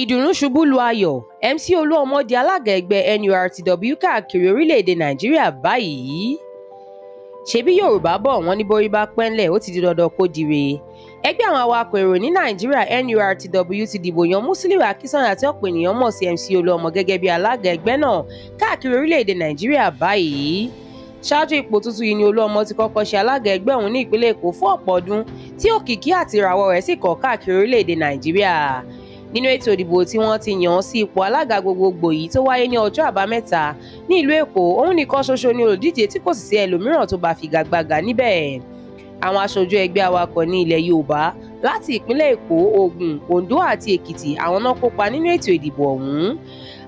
ìdùnnú ṣubú lu ayọ̀ MC olúọmọ di alága ẹgbẹ́ NURTW káàkiri orílẹ̀-èdè nàìjíríà báyìí ṣebí yorùbá bọ̀ wọ́n ní borí bá pẹ́ńlẹ̀ ó ti di dandan kó dire ẹgbẹ́ àwọn awakọ̀ èrò ní nàìjíríà NURTW ti dìbò yan Musiliu Akínsànyà tí ọ̀pọ̀ ènìyàn mọ̀ sí MC olúọmọ gẹ́gẹ́ bí alága ẹgbẹ́ náà káàkiri orílẹ̀-èdè nàìjíríà báyìí ṣáájú ipò tuntun yìí ni olúọmọ ti kọ́kọ́ ṣe alága ẹgbẹ́ òun ní ìpínlẹ̀ èkó fún ọ̀pọ̀ ọdún tí òkìkí àti ìràwọ̀ rẹ̀ sì kọ́ káàkiri orílẹ̀ nàìjíríà nínú ètò ìdìbò tí wọ́n ti yàn án sí ipò alága gbogbogbò yìí tó wáyé ní ọjọ́ àbámẹ́ta ní ìlú Èkó òun nìkan ṣoṣo ni olùdíje tí kò sì sí ẹlòmíràn tó bá figagbága níbẹ̀ àwọn aṣojú ẹgbẹ́ awakọ̀ ní ilẹ̀ Yorùbá láti ìpínlẹ̀ Èkó Ògùn Oǹdó àti Èkìtì àwọn náà kópa nínú ètò ìdìbò ọ̀hún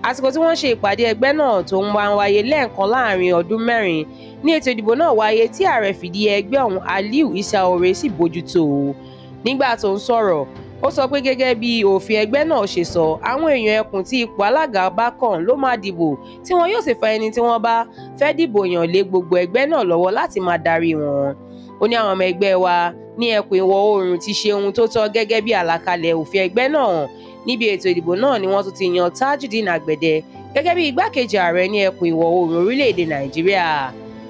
àsìkò tí wọ́n ṣe ìpàdé ẹgbẹ́ náà tó ń máa ń wáyé lẹ́ẹ̀kan láàrin ọdún mẹ́rin ní ètò ìdìbò náà wáyé tí ààrẹ fìdí ẹgbẹ́ ọ̀hún Aliu Isaore sì bójútó nígbà tó ń sọ̀rọ̀ ó sọ pé gẹ́gẹ́ bí òfin ẹgbẹ́ náà ṣe sọ àwọn èèyàn ẹkùn tí ipò alága bá kàn ló máa dìbò tí wọn yóò sì fa ẹni tí wọ́n bá fẹ́ dìbò yàn lé gbogbo ẹgbẹ́ náà lọ́wọ́ láti máa darí wọn ó ní àwọn ọmọ ẹgbẹ́ wa ní ẹkùn ìwọ̀ oòrùn ti ṣe ohun tó tọ́ gẹ́gẹ́ bí àlàkalẹ̀ òfin ẹgbẹ́ náà níbi ètò ìdìbò náà ni wọ́n tún ti yan tajudeen agbẹ̀dẹ gẹ́gẹ́ bí igbákejì ààrẹ ní ẹkùn ìwọ̀ oòrùn orílẹ̀-èdè nàìjíríà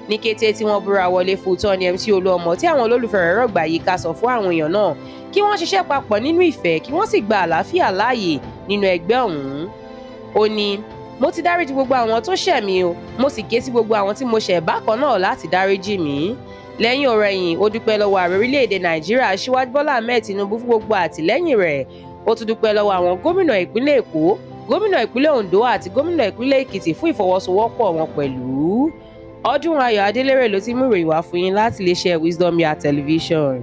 ní kété tí wọ́n búra wọlé fún tán ni MC Olúọmọ tí àwọn olólùfẹ́ rẹ̀ rọ̀gbà yìí ká sọ fún àwọn èèyàn náà kí wọ́n ṣiṣẹ́ papọ̀ nínú ìfẹ́ kí wọ́n sì gba àlàáfíà láàyè nínú ẹgbẹ́ ọ̀hún ó ní mo ti dáríjì gbogbo àwọn tó ṣẹ̀ mí o mo sì ké sí gbogbo àwọn tí mo ṣẹ̀ bákan náà láti dáríjì mí lẹ́yìn ọ̀rẹ̀yìn ó dúpẹ́ lọ́wọ́ ààrẹ orílẹ̀-èdè nàìjíríà aṣíwájú bọ́lá ahmed tinubu fún gbogbo àtìlẹ́yìn rẹ̀ ó tún dúpẹ́ lọ́wọ́ àwọn gómìnà ìpínlẹ̀ èkó gómìnà ìpínlẹ̀ ondo àti gómìnà ìpínlẹ̀ èkìtì fún ìfọwọ́sowọ́pọ̀ wọn pẹ̀lú Ọdúnayọ̀ Adélèrè ló ti mú ìròyìn wá fún yín láti iléeṣẹ́ Wisdom Yard Television.